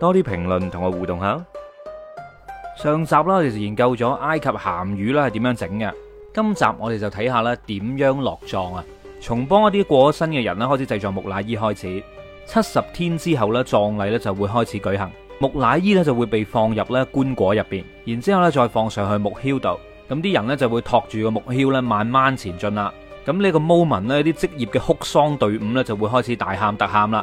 多啲評論同我互動下。上集啦，我哋研究咗埃及咸魚啦係點樣整嘅。今集我哋就睇下咧，點樣落葬啊？從幫一啲過咗身嘅人啦開始製作木乃伊開始，七十天之後咧，葬禮咧就會開始舉行。木乃伊咧就會被放入棺椁入邊，然之後咧再放上去木橇度。咁啲人咧就會托住個木橇咧慢慢前進啦。咁呢個 moment，呢啲職業嘅哭喪隊伍就會開始大喊特喊啦。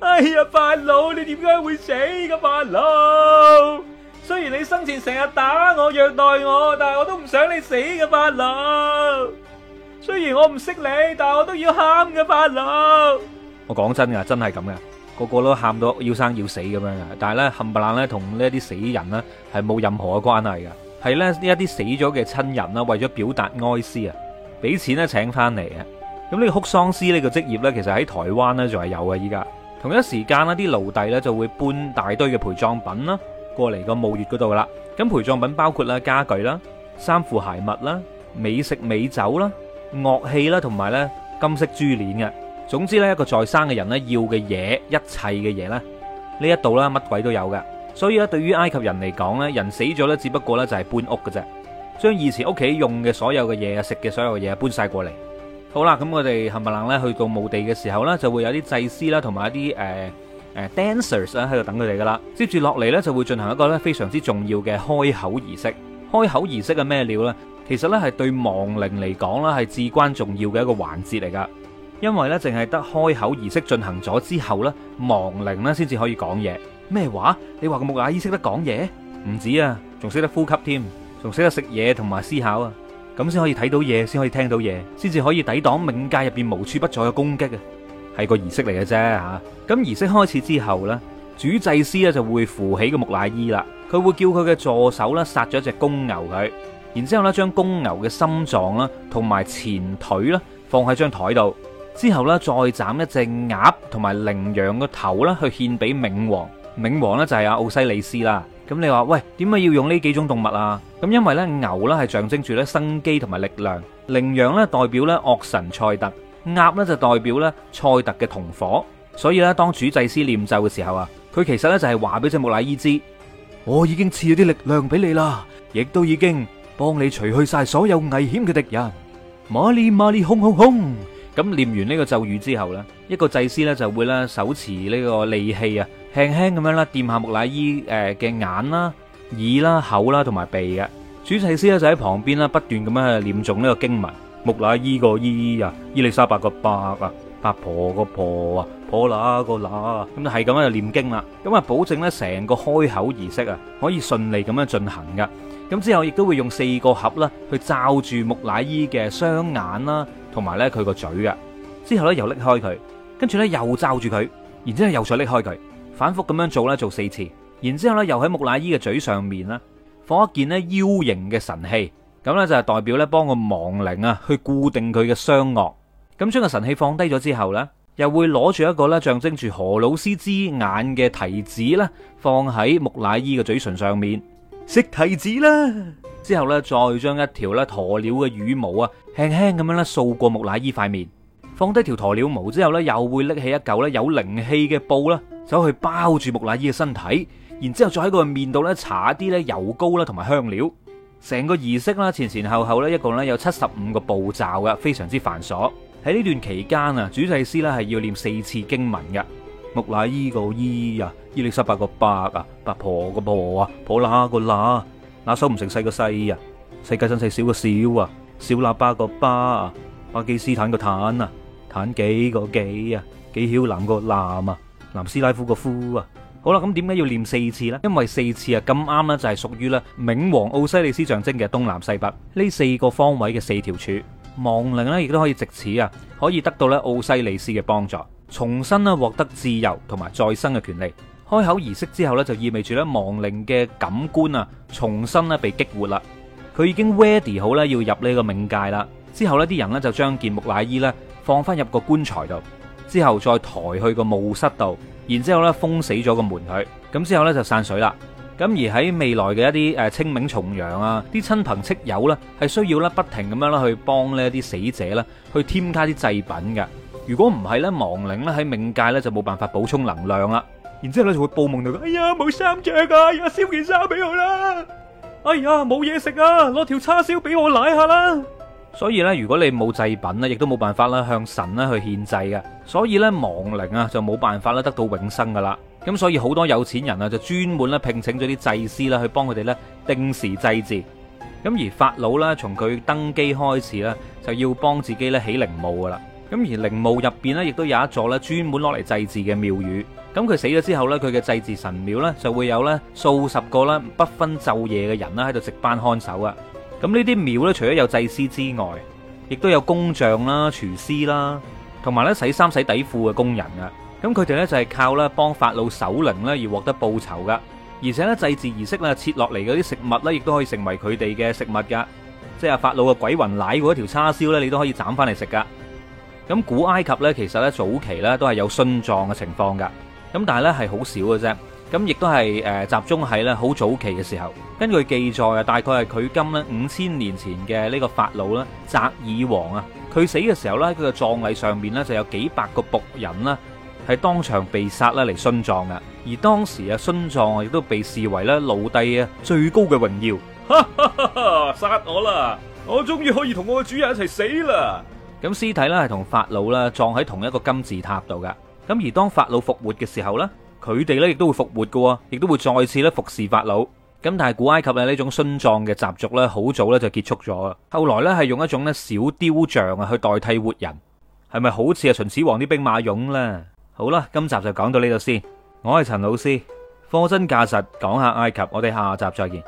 哎呀，法老，你點解會死嘅法老，雖然你生前成日打我、虐待我，但係我都唔想你死嘅法老，雖然我唔識你，但我都要喊嘅法老，我講真噶，真係咁噶，個個都喊到要生要死咁樣噶。但係咧冚唪唥咧，同呢一啲死人咧係冇任何嘅關係噶，係咧呢一啲死咗嘅親人呢，為咗表達哀思啊，俾錢呢請翻嚟嘅。咁呢個哭喪師呢個職業呢，其實喺台灣呢，仲係有嘅依家。同一時間啦，啲奴隸就會搬大堆嘅陪葬品啦，過嚟個墓穴嗰度啦。咁陪葬品包括啦傢俱啦、衫褲鞋襪啦、美食美酒啦、樂器啦，同埋金色珠鏈嘅。總之呢一個在生嘅人呢要嘅嘢，一切嘅嘢呢，呢一度啦乜鬼都有嘅。所以咧，對於埃及人嚟講，呢人死咗呢，只不過呢就係搬屋嘅啫，將以前屋企用嘅所有嘅嘢，食嘅所有嘅嘢搬晒過嚟。好啦，咁我哋冚唪唥咧去到墓地嘅時候呢，就會有啲祭司啦，同埋一啲誒誒 dancers 啦喺度等佢哋噶啦。接住落嚟呢，就會進行一個呢非常之重要嘅開口儀式。開口儀式係咩料呢？其實呢，係對亡靈嚟講啦，係至關重要嘅一個環節嚟噶。因為呢，淨係得開口儀式進行咗之後呢，亡靈呢先至可以講嘢。咩話？你話個木乃伊識得講嘢？唔止啊，仲識得呼吸添，仲識得食嘢同埋思考啊！咁先可以睇到嘢，先可以聽到嘢，先至可以抵擋冥界入面無處不在嘅攻擊嘅，係個儀式嚟嘅啫嚇。咁儀式開始之後咧，主祭司咧就會扶起個木乃伊啦，佢會叫佢嘅助手咧殺咗一隻公牛佢，然之後咧將公牛嘅心臟啦同埋前腿啦放喺張枱度，之後咧再斬一隻鴨同埋羚羊嘅頭啦去獻俾冥王。冥王咧就係阿奧西里斯啦，咁你話喂點解要用呢幾種動物啊？咁因為咧牛咧係象徵住咧生機同埋力量，羚羊咧代表咧惡神塞特，鴨咧就代表咧塞特嘅同伙，所以咧當主祭司念咒嘅時候啊，佢其實咧就係話俾隻木乃伊知，我已經賜咗啲力量俾你啦，亦都已經幫你除去晒所有危險嘅敵人，馬里馬里轟轟轟！咁念完呢個咒語之後咧，一個祭司咧就會咧手持呢個利器啊，輕輕咁樣咧掂下木乃伊誒嘅眼啦、耳啦、口啦同埋鼻嘅。主祭司咧就喺旁邊啦，不斷咁樣念誦呢個經文：木乃伊個伊啊，伊麗莎白個白啊。八婆個婆啊，婆乸個乸啊，咁就係咁樣就念經啦，咁啊保證呢成個開口儀式啊可以順利咁樣進行噶，咁之後亦都會用四個盒啦去罩住木乃伊嘅雙眼啦，同埋呢佢個嘴嘅，之後呢又拎開佢，跟住呢又罩住佢，然之後又再拎開佢，反覆咁樣做呢，做四次，然之後呢又喺木乃伊嘅嘴上面啦放一件呢腰型嘅神器，咁呢就係代表呢幫個亡靈啊去固定佢嘅雙顎。咁將個神器放低咗之後呢，又會攞住一個咧，象徵住荷魯斯之眼嘅提子呢，放喺木乃伊嘅嘴唇上面食提子啦。之後呢再將一條咧鴕鳥嘅羽毛啊，輕輕咁樣咧掃過木乃伊塊面。放低條鴕鳥毛之後呢，又會拎起一嚿咧有靈氣嘅布啦，走去包住木乃伊嘅身體，然之後再喺個面度咧搽啲咧油膏啦同埋香料。成個儀式啦前前後後咧一共咧有七十五個步驟㗎，非常之繁瑣。喺呢段期間啊，主祭師咧係要念四次經文嘅，木乃伊個伊啊，伊利沙伯個伯啊，八婆個婆啊，婆乸個乸，乸手唔成細個西啊，世界真細少個少啊，小喇叭個巴啊，巴基斯坦個坦啊，坦幾個幾啊，幾曉南個南啊，南斯拉夫個夫啊，好啦，咁點解要念四次呢？因為四次啊，咁啱呢就係屬於啦冥王奧西利斯象徵嘅東南西北呢四個方位嘅四條柱。亡靈呢亦都可以借此啊，可以得到咧奧西里斯嘅幫助，重新咧獲得自由同埋再生嘅權利。開口儀式之後呢，就意味住咧亡靈嘅感官啊，重新咧被激活啦。佢已經 ready 好咧，要入呢個冥界啦。之後呢啲人呢，就將件木乃伊呢放翻入個棺材度，之後再抬去個墓室度，然之後咧封死咗個門佢，咁之後呢，就散水啦。咁而喺未來嘅一啲誒清明重陽啊，啲親朋戚友呢係需要咧不停咁樣去幫呢啲死者咧去添加啲祭品嘅。如果唔係呢，亡靈咧喺冥界咧就冇辦法補充能量啦。然之後咧就會報夢到：「哎呀，冇衫著㗎，而家燒件衫俾我啦！哎呀，冇嘢食啊，攞條叉燒俾我舐下啦！所以呢，如果你冇祭品呢，亦都冇辦法啦向神咧去獻祭嘅，所以呢，亡靈啊就冇辦法咧得到永生㗎啦。咁所以好多有錢人啊，就專門咧聘請咗啲祭師啦，去幫佢哋咧定時祭祀。咁而法老咧，從佢登基開始咧，就要幫自己咧起陵墓噶啦。咁而陵墓入邊咧，亦都有一座咧專門攞嚟祭祀嘅廟宇。咁佢死咗之後咧，佢嘅祭祀神廟咧就會有咧數十個咧不分晝夜嘅人啦喺度值班看守啊。咁呢啲廟咧，除咗有祭師之外，亦都有工匠啦、廚師啦，同埋咧洗衫洗底褲嘅工人啊。咁佢哋呢就係靠咧幫法老守靈呢而獲得報酬噶，而且呢，祭祀儀式呢切落嚟嗰啲食物呢，亦都可以成為佢哋嘅食物噶。即係法老嘅鬼魂舐嗰條條叉燒呢，你都可以斬翻嚟食噶。咁古埃及呢，其實呢早期呢都係有殉葬嘅情況噶，咁但係呢係好少嘅啫。咁亦都係誒集中喺呢好早期嘅時候。根據記載啊，大概係佢今呢五千年前嘅呢個法老呢，澤爾王啊，佢死嘅時候呢，佢嘅葬禮上面呢就有幾百個僕人啦。係當場被殺啦，嚟殉葬噶。而當時啊，殉葬啊，亦都被視為咧奴隸啊最高嘅榮耀。哈哈，殺我啦！我終於可以同我嘅主人一齊死啦。咁屍體咧係同法老啦葬喺同一個金字塔度噶。咁而當法老復活嘅時候呢，佢哋咧亦都會復活噶，亦都會再次咧服侍法老。咁但係古埃及嘅呢種殉葬嘅習俗咧，好早咧就結束咗。後來咧係用一種咧小雕像啊去代替活人，係咪好似啊秦始皇啲兵馬俑呢？好啦，今集就講到呢度先。我係陳老師，貨真價實，講下埃及。我哋下集再見。